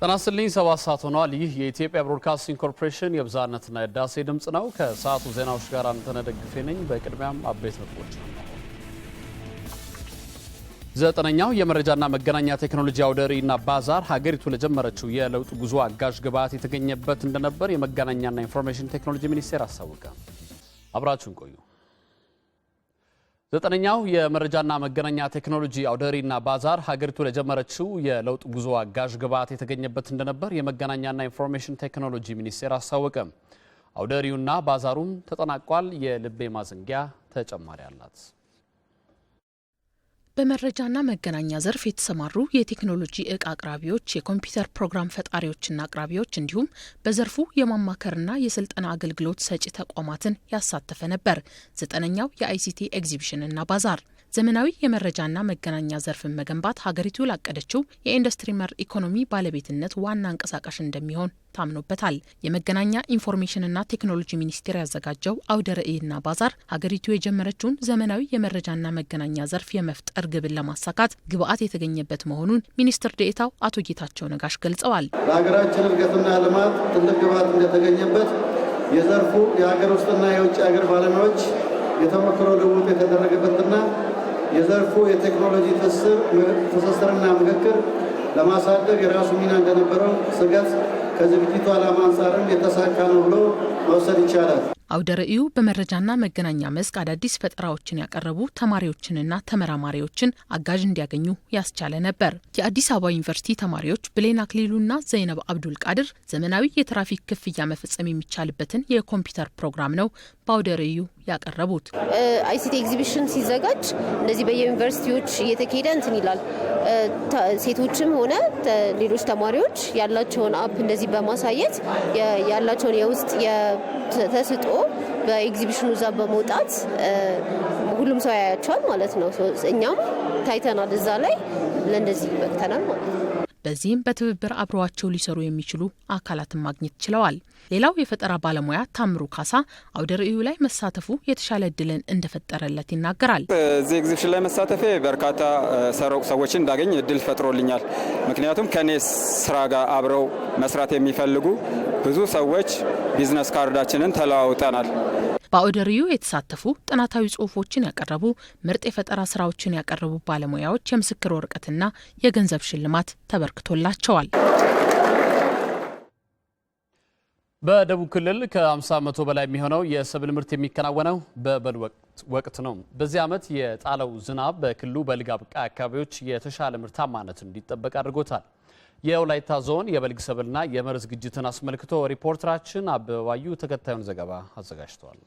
ጤና ይስጥልኝ። ሰባት ሰዓት ሆኗል። ይህ የኢትዮጵያ ብሮድካስቲንግ ኮርፖሬሽን የብዝሃነትና የዳሴ ድምፅ ነው። ከሰዓቱ ዜናዎች ጋር አንተነህ ደግፌ ነኝ። በቅድሚያም አበይት ነጥቦች። ዘጠነኛው የመረጃና መገናኛ ቴክኖሎጂ አውደ ርዕይና ባዛር ሀገሪቱ ለጀመረችው የለውጥ ጉዞ አጋዥ ግብዓት የተገኘበት እንደነበር የመገናኛና ኢንፎርሜሽን ቴክኖሎጂ ሚኒስቴር አስታወቀ። አብራችሁን ቆዩ። ዘጠነኛው የመረጃና መገናኛ ቴክኖሎጂ አውደሪና ባዛር ሀገሪቱ ለጀመረችው የለውጥ ጉዞ አጋዥ ግብዓት የተገኘበት እንደነበር የመገናኛና ኢንፎርሜሽን ቴክኖሎጂ ሚኒስቴር አስታወቀ። አውደሪውና ባዛሩም ተጠናቋል። የልቤ ማዘንጊያ ተጨማሪ አላት። በመረጃና መገናኛ ዘርፍ የተሰማሩ የቴክኖሎጂ እቃ አቅራቢዎች፣ የኮምፒውተር ፕሮግራም ፈጣሪዎችና አቅራቢዎች እንዲሁም በዘርፉ የማማከርና የስልጠና አገልግሎት ሰጪ ተቋማትን ያሳተፈ ነበር ዘጠነኛው የአይሲቲ ኤግዚቢሽንና ባዛር። ዘመናዊ የመረጃና መገናኛ ዘርፍን መገንባት ሀገሪቱ ላቀደችው የኢንዱስትሪ መር ኢኮኖሚ ባለቤትነት ዋና አንቀሳቃሽ እንደሚሆን ታምኖበታል። የመገናኛ ኢንፎርሜሽንና ቴክኖሎጂ ሚኒስቴር ያዘጋጀው አውደ ርዕይና ባዛር ሀገሪቱ የጀመረችውን ዘመናዊ የመረጃና መገናኛ ዘርፍ የመፍጠር ግብን ለማሳካት ግብአት የተገኘበት መሆኑን ሚኒስትር ዴኤታው አቶ ጌታቸው ነጋሽ ገልጸዋል። ለሀገራችን እድገትና ልማት ትልቅ ግብአት እንደተገኘበት የዘርፉ የሀገር ውስጥና የውጭ ሀገር ባለሙያዎች የተሞክሮ ልውውጥ የተደረገበትና የዘርፉ የቴክኖሎጂ ትስስርና ምክክር ለማሳደግ የራሱ ሚና እንደነበረው ስጋት ከዝግጅቱ ዓላማ አንጻርም የተሳካ ነው ብሎ መውሰድ ይቻላል። አውደ ርዕዩ በመረጃና መገናኛ መስክ አዳዲስ ፈጠራዎችን ያቀረቡ ተማሪዎችንና ተመራማሪዎችን አጋዥ እንዲያገኙ ያስቻለ ነበር። የአዲስ አበባ ዩኒቨርሲቲ ተማሪዎች ብሌን አክሊሉና ዘይነብ አብዱል ቃድር ዘመናዊ የትራፊክ ክፍያ መፈጸም የሚቻልበትን የኮምፒውተር ፕሮግራም ነው በአውደ ርዕዩ ያቀረቡት። አይሲቲ ኤግዚቢሽን ሲዘጋጅ እነዚህ በየዩኒቨርሲቲዎች እየተካሄደ እንትን ይላል። ሴቶችም ሆነ ሌሎች ተማሪዎች ያላቸውን አፕ እንደዚህ በማሳየት ያላቸውን የውስጥ ተስጦ በኤግዚቢሽኑ እዛ በመውጣት ሁሉም ሰው ያያቸዋል ማለት ነው። እኛም ታይተናል እዛ ላይ ለእንደዚህ ይበቅተናል ማለት ነው። በዚህም በትብብር አብረዋቸው ሊሰሩ የሚችሉ አካላትን ማግኘት ችለዋል። ሌላው የፈጠራ ባለሙያ ታምሩ ካሳ አውደ ርዕዩ ላይ መሳተፉ የተሻለ እድልን እንደፈጠረለት ይናገራል። እዚህ ኤግዚቢሽን ላይ መሳተፌ በርካታ ሰዎችን እንዳገኝ እድል ፈጥሮልኛል። ምክንያቱም ከኔ ስራ ጋር አብረው መስራት የሚፈልጉ ብዙ ሰዎች ቢዝነስ ካርዳችንን ተለዋውጠናል። በአውደ ርዕዩ የተሳተፉ ጥናታዊ ጽሁፎችን ያቀረቡ፣ ምርጥ የፈጠራ ስራዎችን ያቀረቡ ባለሙያዎች የምስክር ወረቀትና የገንዘብ ሽልማት ተበርክቶላቸዋል። በደቡብ ክልል ከ50 መቶ በላይ የሚሆነው የሰብል ምርት የሚከናወነው በበል ወቅት ነው። በዚህ ዓመት የጣለው ዝናብ በክልሉ በልግ አብቃይ አካባቢዎች የተሻለ ምርታማነት እንዲጠበቅ አድርጎታል። የወላይታ ዞን የበልግ ሰብልና የመር ዝግጅትን አስመልክቶ ሪፖርተራችን አበባዩ ተከታዩን ዘገባ አዘጋጅተዋል።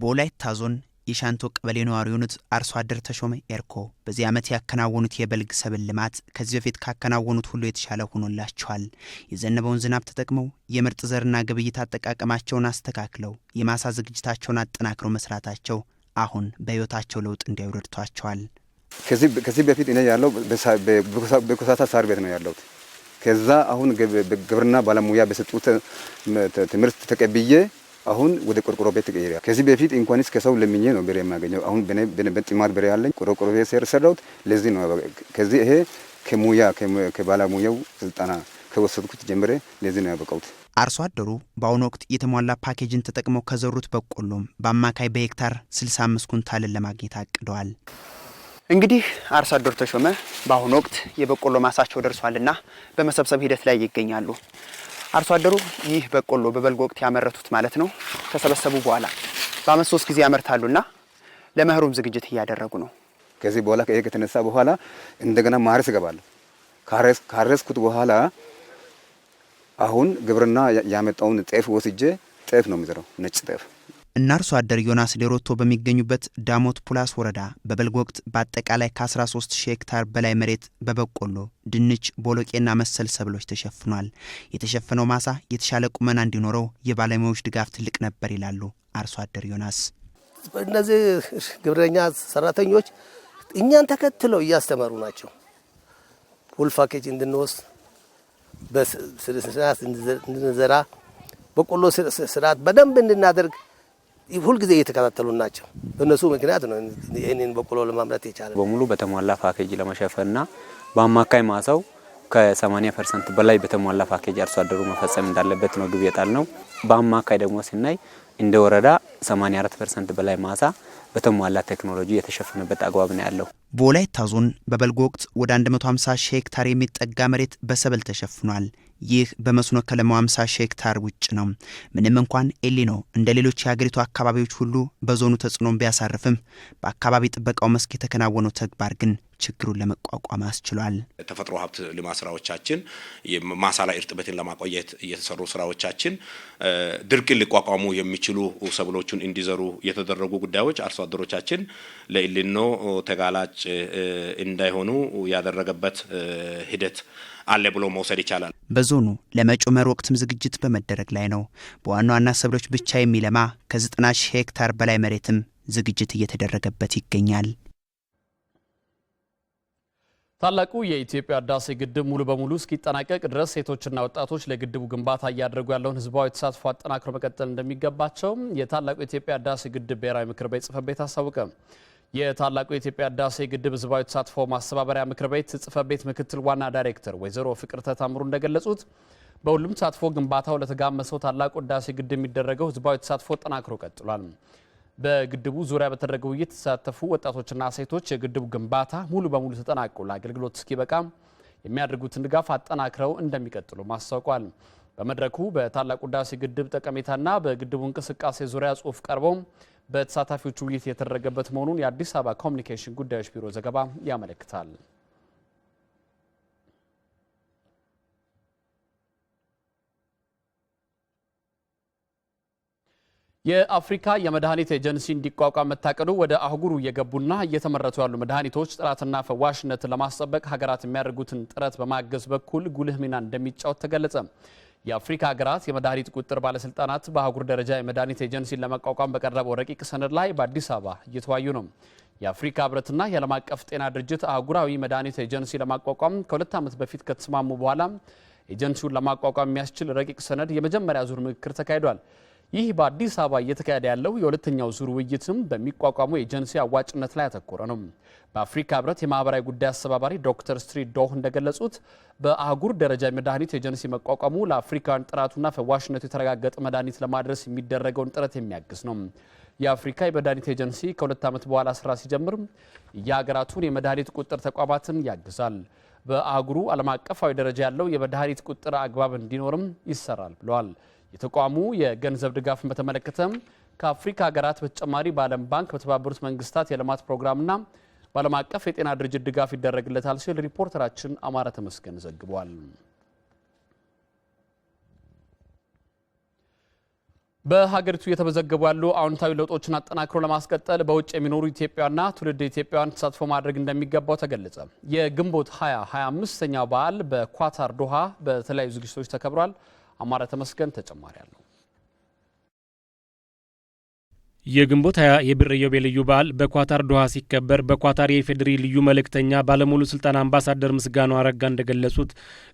በወላይታ ዞን የሻንቶ ቀበሌ ነዋሪ የሆኑት አርሶ አደር ተሾመ ኤርኮ በዚህ ዓመት ያከናወኑት የበልግ ሰብል ልማት ከዚህ በፊት ካከናወኑት ሁሉ የተሻለ ሆኖላቸዋል። የዘነበውን ዝናብ ተጠቅመው የምርጥ ዘርና ግብይት አጠቃቀማቸውን አስተካክለው የማሳ ዝግጅታቸውን አጠናክረው መስራታቸው አሁን በሕይወታቸው ለውጥ እንዲያውረድቷቸዋል። ከዚህ በፊት እኔ ያለው በኮሳታ ሳር ቤት ነው ያለሁት። ከዛ አሁን ግብርና ባለሙያ በሰጡት ትምህርት ተቀብዬ አሁን ወደ ቆርቆሮ ቤት ተቀይሬ ከዚህ በፊት እንኳንስ ከሰው ለምኜ ነው ብሬ የማገኘው። አሁን በጥማት ብሬ ያለኝ ቆርቆሮ ቤት ስር ለዚህ ነው ከዚህ ይሄ ከሙያ ከባለሙያው ስልጠና ከወሰድኩት ጀምሬ ለዚህ ነው ያበቃሁት። አርሶ አደሩ በአሁኑ ወቅት የተሟላ ፓኬጅን ተጠቅመው ከዘሩት በቆሎም በአማካይ በሄክታር 65 ኩንታልን ለማግኘት አቅደዋል። እንግዲህ አርሶ አደር ተሾመ በአሁኑ ወቅት የበቆሎ ማሳቸው ደርሷልና በመሰብሰብ ሂደት ላይ ይገኛሉ። አርሶ አደሩ ይህ በቆሎ በበልግ ወቅት ያመረቱት ማለት ነው ከሰበሰቡ በኋላ በአመት ሶስት ጊዜ ያመርታሉና ለመኸሩም ዝግጅት እያደረጉ ነው። ከዚህ በኋላ ይሄ ከተነሳ በኋላ እንደገና ማረስ እገባለሁ። ካረስኩት በኋላ አሁን ግብርና ያመጣውን ጤፍ ወስጄ ጤፍ ነው የሚዘራው፣ ነጭ ጤፍ እነ አርሶ አደር ዮናስ ሌሮቶ በሚገኙበት ዳሞት ፑላስ ወረዳ በበልግ ወቅት በአጠቃላይ ከ 13 ሄክታር በላይ መሬት በበቆሎ፣ ድንች፣ ቦሎቄና መሰል ሰብሎች ተሸፍኗል። የተሸፈነው ማሳ የተሻለ ቁመና እንዲኖረው የባለሙያዎች ድጋፍ ትልቅ ነበር ይላሉ አርሶ አደር ዮናስ። እነዚህ ግብረኛ ሰራተኞች እኛን ተከትለው እያስተማሩ ናቸው። ፉል ፓኬጅ እንድንወስድ በስርዓት እንድንዘራ በቆሎ ስርዓት በደንብ እንድናደርግ ሁልጊዜ እየተከታተሉ ናቸው። በእነሱ ምክንያት ነው ይህንን በቆሎ ለማምረት የቻለ በሙሉ በተሟላ ፓኬጅ ለመሸፈንና በአማካይ ማሳው ከ80 ፐርሰንት በላይ በተሟላ ፓኬጅ አርሶ አደሩ መፈጸም እንዳለበት ነው ግብ የጣል ነው። በአማካይ ደግሞ ስናይ እንደ ወረዳ 84 ፐርሰንት በላይ ማሳ በተሟላ ቴክኖሎጂ የተሸፈነበት አግባብ ነው ያለው። በወላይታ ዞን በበልግ ወቅት ወደ 150 ሺህ ሄክታር የሚጠጋ መሬት በሰብል ተሸፍኗል። ይህ በመስኖ ከለማው 50 ሺህ ሄክታር ውጭ ነው። ምንም እንኳን ኤሊኖ እንደ ሌሎች የሀገሪቱ አካባቢዎች ሁሉ በዞኑ ተጽዕኖን ቢያሳርፍም በአካባቢ ጥበቃው መስክ የተከናወነው ተግባር ግን ችግሩን ለመቋቋም አስችሏል። ተፈጥሮ ሀብት ልማት ስራዎቻችን፣ ማሳ ላይ እርጥበትን ለማቆየት የተሰሩ ስራዎቻችን፣ ድርቅን ሊቋቋሙ የሚችሉ ሰብሎቹን እንዲዘሩ የተደረጉ ጉዳዮች አርሶ አደሮቻችን ለኢሊኖ ተጋላጭ እንዳይሆኑ ያደረገበት ሂደት አለ ብሎ መውሰድ ይቻላል። በዞኑ ለመጪው መኸር ወቅትም ዝግጅት በመደረግ ላይ ነው። በዋና ዋና ሰብሎች ብቻ የሚለማ ከ90 ሺህ ሄክታር በላይ መሬትም ዝግጅት እየተደረገበት ይገኛል። ታላቁ የኢትዮጵያ ህዳሴ ግድብ ሙሉ በሙሉ እስኪጠናቀቅ ድረስ ሴቶችና ወጣቶች ለግድቡ ግንባታ እያደረጉ ያለውን ህዝባዊ ተሳትፎ አጠናክሮ መቀጠል እንደሚገባቸው የታላቁ የኢትዮጵያ ህዳሴ ግድብ ብሔራዊ ምክር ቤት ጽፈት ቤት አስታወቀ። የታላቁ የኢትዮጵያ ህዳሴ ግድብ ህዝባዊ ተሳትፎ ማስተባበሪያ ምክር ቤት ጽሕፈት ቤት ምክትል ዋና ዳይሬክተር ወይዘሮ ፍቅር ተታምሩ እንደገለጹት በሁሉም ተሳትፎ ግንባታው ለተጋመሰው ታላቁ ህዳሴ ግድብ የሚደረገው ህዝባዊ ተሳትፎ ጠናክሮ ቀጥሏል። በግድቡ ዙሪያ በተደረገ ውይይት የተሳተፉ ወጣቶችና ሴቶች የግድቡ ግንባታ ሙሉ በሙሉ ተጠናቆ ለአገልግሎት እስኪበቃ የሚያደርጉትን ድጋፍ አጠናክረው እንደሚቀጥሉ ማስታውቋል። በመድረኩ በታላቁ ሕዳሴ ግድብ ጠቀሜታና በግድቡ እንቅስቃሴ ዙሪያ ጽሁፍ ቀርቦ በተሳታፊዎቹ ውይይት የተደረገበት መሆኑን የአዲስ አበባ ኮሚኒኬሽን ጉዳዮች ቢሮ ዘገባ ያመለክታል። የአፍሪካ የመድኃኒት ኤጀንሲ እንዲቋቋም መታቀዱ ወደ አህጉሩ እየገቡና እየተመረቱ ያሉ መድኃኒቶች ጥራትና ፈዋሽነት ለማስጠበቅ ሀገራት የሚያደርጉትን ጥረት በማገዝ በኩል ጉልህ ሚና እንደሚጫወት ተገለጸ። የአፍሪካ ሀገራት የመድኃኒት ቁጥጥር ባለስልጣናት በአህጉር ደረጃ የመድኃኒት ኤጀንሲን ለመቋቋም በቀረበው ረቂቅ ሰነድ ላይ በአዲስ አበባ እየተወያዩ ነው። የአፍሪካ ህብረትና የዓለም አቀፍ ጤና ድርጅት አህጉራዊ መድኃኒት ኤጀንሲ ለማቋቋም ከሁለት ዓመት በፊት ከተስማሙ በኋላ ኤጀንሲውን ለማቋቋም የሚያስችል ረቂቅ ሰነድ የመጀመሪያ ዙር ምክክር ተካሂዷል። ይህ በአዲስ አበባ እየተካሄደ ያለው የሁለተኛው ዙር ውይይትም በሚቋቋሙ ኤጀንሲ አዋጭነት ላይ ያተኮረ ነው። በአፍሪካ ህብረት የማህበራዊ ጉዳይ አስተባባሪ ዶክተር ስትሪት ዶህ እንደገለጹት በአህጉር ደረጃ የመድኃኒት ኤጀንሲ መቋቋሙ ለአፍሪካውያን ጥራቱና ፈዋሽነቱ የተረጋገጠ መድኃኒት ለማድረስ የሚደረገውን ጥረት የሚያግዝ ነው። የአፍሪካ የመድኃኒት ኤጀንሲ ከሁለት ዓመት በኋላ ስራ ሲጀምር የሀገራቱን የመድኃኒት ቁጥር ተቋማትን ያግዛል። በአህጉሩ ዓለም አቀፋዊ ደረጃ ያለው የመድኃኒት ቁጥር አግባብ እንዲኖርም ይሰራል ብለዋል። የተቋሙ የገንዘብ ድጋፍን በተመለከተም ከአፍሪካ ሀገራት በተጨማሪ በዓለም ባንክ በተባበሩት መንግስታት የልማት ፕሮግራምና በዓለም አቀፍ የጤና ድርጅት ድጋፍ ይደረግለታል ሲል ሪፖርተራችን አማረ ተመስገን ዘግቧል። በሀገሪቱ እየተመዘገቡ ያሉ አዎንታዊ ለውጦችን አጠናክሮ ለማስቀጠል በውጭ የሚኖሩ ኢትዮጵያና ትውልድ ኢትዮጵያውያን ተሳትፎ ማድረግ እንደሚገባው ተገለጸ። የግንቦት 20 25ኛው በዓል በኳታር ዶሃ በተለያዩ ዝግጅቶች ተከብሯል። አማረ ተመስገን ተጨማሪ አለ። የግንቦት ሀያ የብር ኢዮቤልዩ በዓል በኳታር ዶሃ ሲከበር በኳታር የኢፌዴሪ ልዩ መልእክተኛ ባለሙሉ ስልጣን አምባሳደር ምስጋናው አረጋ እንደገለጹት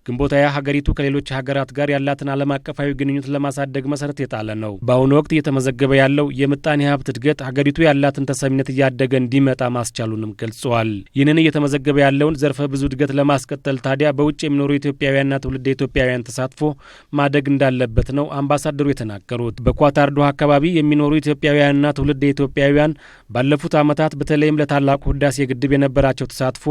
ግንቦት ሀያ ሀገሪቱ ከሌሎች ሀገራት ጋር ያላትን ዓለም አቀፋዊ ግንኙነት ለማሳደግ መሰረት የጣለ ነው። በአሁኑ ወቅት እየተመዘገበ ያለው የምጣኔ ሀብት እድገት ሀገሪቱ ያላትን ተሰሚነት እያደገ እንዲመጣ ማስቻሉንም ገልጸዋል። ይህንን እየተመዘገበ ያለውን ዘርፈ ብዙ እድገት ለማስቀጠል ታዲያ በውጭ የሚኖሩ ኢትዮጵያውያንና ትውልደ ኢትዮጵያውያን ተሳትፎ ማደግ እንዳለበት ነው አምባሳደሩ የተናገሩት። በኳታር ዶሃ አካባቢ የሚኖሩ ኢትዮጵያውያን የኢትዮጵያና ትውልድ ኢትዮጵያውያን ባለፉት ዓመታት በተለይም ለታላቁ ህዳሴ ግድብ የነበራቸው ተሳትፎ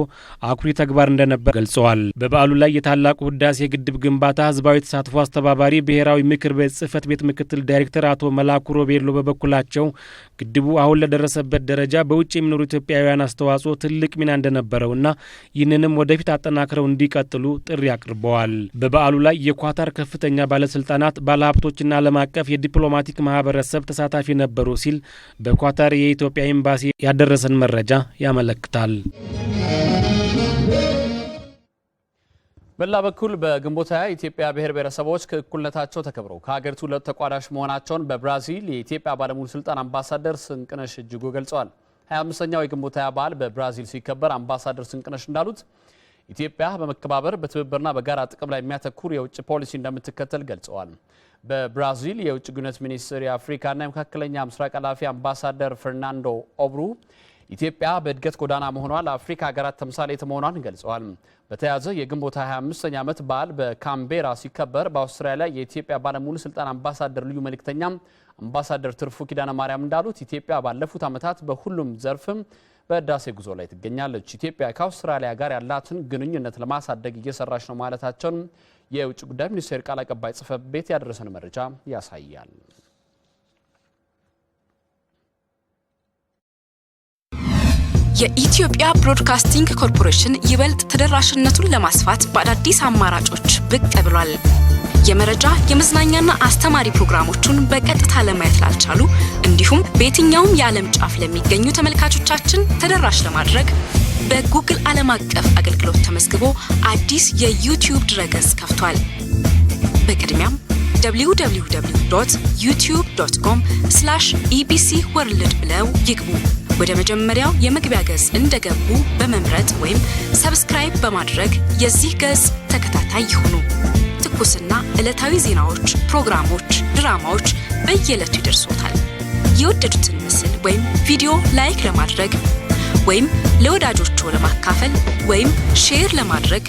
አኩሪ ተግባር እንደነበር ገልጸዋል። በበዓሉ ላይ የታላቁ ህዳሴ ግድብ ግንባታ ህዝባዊ ተሳትፎ አስተባባሪ ብሔራዊ ምክር ቤት ጽህፈት ቤት ምክትል ዳይሬክተር አቶ መላኩ ሮቤሎ በበኩላቸው ግድቡ አሁን ለደረሰበት ደረጃ በውጭ የሚኖሩ ኢትዮጵያውያን አስተዋጽኦ ትልቅ ሚና እንደነበረውና ይህንንም ወደፊት አጠናክረው እንዲቀጥሉ ጥሪ አቅርበዋል። በበዓሉ ላይ የኳታር ከፍተኛ ባለስልጣናት፣ ባለሀብቶችና ዓለም አቀፍ የዲፕሎማቲክ ማህበረሰብ ተሳታፊ ነበሩ ሲል በኳታር የኢትዮጵያ ኤምባሲ ያደረሰን መረጃ ያመለክታል። በሌላ በኩል በግንቦት ሀያ የኢትዮጵያ ብሔር ብሔረሰቦች ከእኩልነታቸው ተከብረው ከሀገሪቱ ሁለቱ ተቋዳሽ መሆናቸውን በብራዚል የኢትዮጵያ ባለሙሉ ስልጣን አምባሳደር ስንቅነሽ እጅጉ ገልጸዋል። 25ኛው የግንቦት ሀያ በዓል በብራዚል ሲከበር አምባሳደር ስንቅነሽ እንዳሉት ኢትዮጵያ በመከባበር በትብብርና በጋራ ጥቅም ላይ የሚያተኩር የውጭ ፖሊሲ እንደምትከተል ገልጸዋል። በብራዚል የውጭ ግንኙነት ሚኒስትር የአፍሪካና የመካከለኛ ምስራቅ ኃላፊ አምባሳደር ፈርናንዶ ኦብሩ ኢትዮጵያ በእድገት ጎዳና መሆኗ ለአፍሪካ ሀገራት ተምሳሌት መሆኗን ገልጸዋል። በተያያዘ የግንቦት 25ኛ ዓመት በዓል በካምቤራ ሲከበር በአውስትራሊያ የኢትዮጵያ ባለሙሉ ስልጣን አምባሳደር ልዩ መልእክተኛ አምባሳደር ትርፉ ኪዳነ ማርያም እንዳሉት ኢትዮጵያ ባለፉት ዓመታት በሁሉም ዘርፍም በህዳሴ ጉዞ ላይ ትገኛለች። ኢትዮጵያ ከአውስትራሊያ ጋር ያላትን ግንኙነት ለማሳደግ እየሰራች ነው ማለታቸውን የውጭ ጉዳይ ሚኒስቴር ቃል አቀባይ ጽህፈት ቤት ያደረሰን መረጃ ያሳያል። የኢትዮጵያ ብሮድካስቲንግ ኮርፖሬሽን ይበልጥ ተደራሽነቱን ለማስፋት በአዳዲስ አማራጮች ብቅ ብሏል። የመረጃ የመዝናኛና አስተማሪ ፕሮግራሞቹን በቀጥታ ለማየት ላልቻሉ እንዲሁም በየትኛውም የዓለም ጫፍ ለሚገኙ ተመልካቾቻችን ተደራሽ ለማድረግ በጉግል ዓለም አቀፍ አገልግሎት ተመዝግቦ አዲስ የዩቲዩብ ድረገጽ ከፍቷል። በቅድሚያም www.youtube.com ኢቢሲ ወርልድ ብለው ይግቡ። ወደ መጀመሪያው የመግቢያ ገጽ እንደገቡ በመምረጥ ወይም ሰብስክራይብ በማድረግ የዚህ ገጽ ተከታታይ ይሁኑ። ትኩስና ዕለታዊ ዜናዎች፣ ፕሮግራሞች፣ ድራማዎች በየዕለቱ ይደርሶታል። የወደዱትን ምስል ወይም ቪዲዮ ላይክ ለማድረግ ወይም ለወዳጆቹ ለማካፈል ወይም ሼር ለማድረግ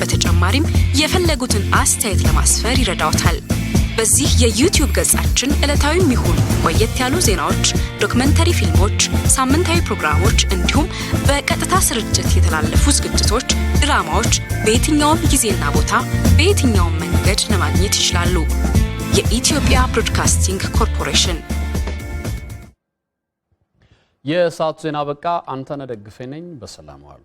በተጨማሪም የፈለጉትን አስተያየት ለማስፈር ይረዳውታል። በዚህ የዩቲዩብ ገጻችን ዕለታዊ የሚሆኑ ቆየት ያሉ ዜናዎች፣ ዶክመንተሪ ፊልሞች፣ ሳምንታዊ ፕሮግራሞች እንዲሁም በቀጥታ ስርጭት የተላለፉ ዝግጅቶች፣ ድራማዎች በየትኛውም ጊዜና ቦታ በየትኛውም መንገድ ለማግኘት ይችላሉ። የኢትዮጵያ ብሮድካስቲንግ ኮርፖሬሽን የሰዓቱ ዜና በቃ። አንተነህ ደግፌ ነኝ። በሰላም ዋሉ።